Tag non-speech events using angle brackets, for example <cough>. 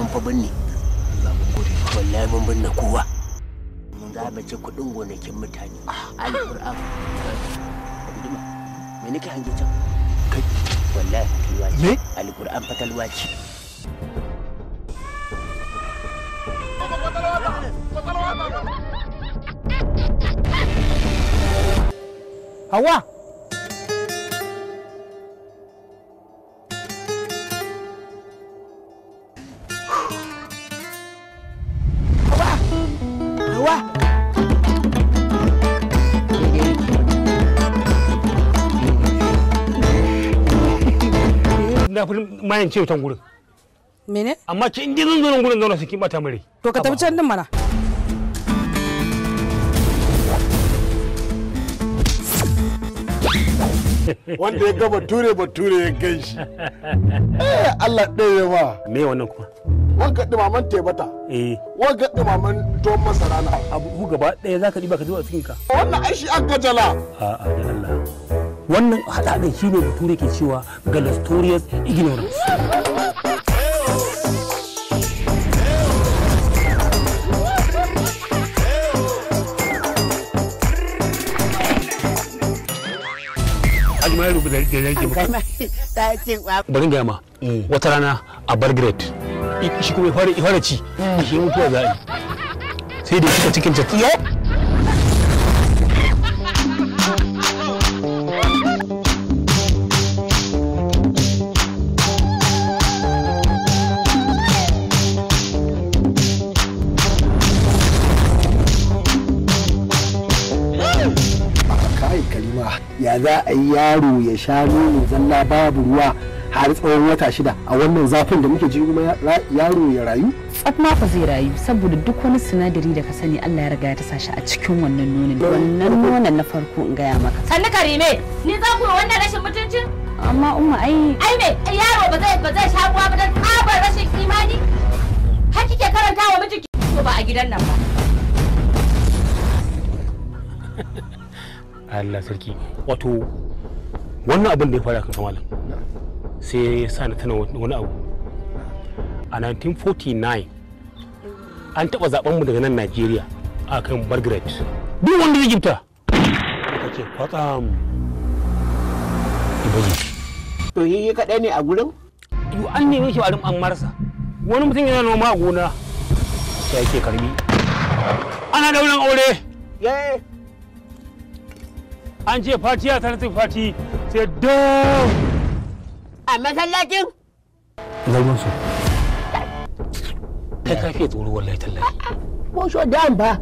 mun fa binne Allah mun gode wallahi mun binne kowa mun za mu kudin kuɗin gonakin mutane ah. alƙur'an me nake hange can kai wallahi me alƙur'an fatalwa ce Hawa! nawa na fi mayan ce wutan gurin mene amma ce in ji zunzurin gurin zauna su kin bata mare to ka tafi can din mana wanda ya ga bature bature ya gan shi <laughs> eh Allah ɗaya ma me wannan kuma wanka dumaman tebata eh wanka dumaman tuwon masara na abu gaba ɗaya zaka ɗiba ka zuba a cikin ka wannan aishi an gajala a'a da Allah wannan haɗaɗin shi ne bature ke cewa galatorious ignorance da ba. Bari gama mm. wata rana a Belgrade shi kuma ya fara ci a mm. shi mutuwa za a yi sai da ya cika cikin ta ya za a yi yaro ya sha nono zalla babu ruwa har tsawon wata shida a wannan zafin da muke ji kuma yaro ya rayu tsaf ma ba zai rayu saboda duk wani sinadari da ka sani Allah ya riga ya tasa shi a cikin wannan nonon wannan nonon na farko in gaya maka sannu karime ni za ku wannan rashin mutuncin amma umma ai ai me yaro ba zai ba zai sha ruwa ba dan tsabar rashin imani har kike karanta wa miji ko ba a gidan nan ba <laughs> Allah sarki wato wannan abin da ya fara kan kamalan sai ya sa na tana wani abu a 1949 an taɓa zaben mu daga nan najeriya a kan margaret duk wanda ya gimta ka ce kwatsam ibaji to yi kaɗai ne a gurin yi an ne yake warin an marasa wani mutum yana noma a gona ta yake karbi ana daunan aure an ce fati ya tarzi fati sai dam a masallacin zalman su kai ka tsoro wallahi tallahi ko sho da ba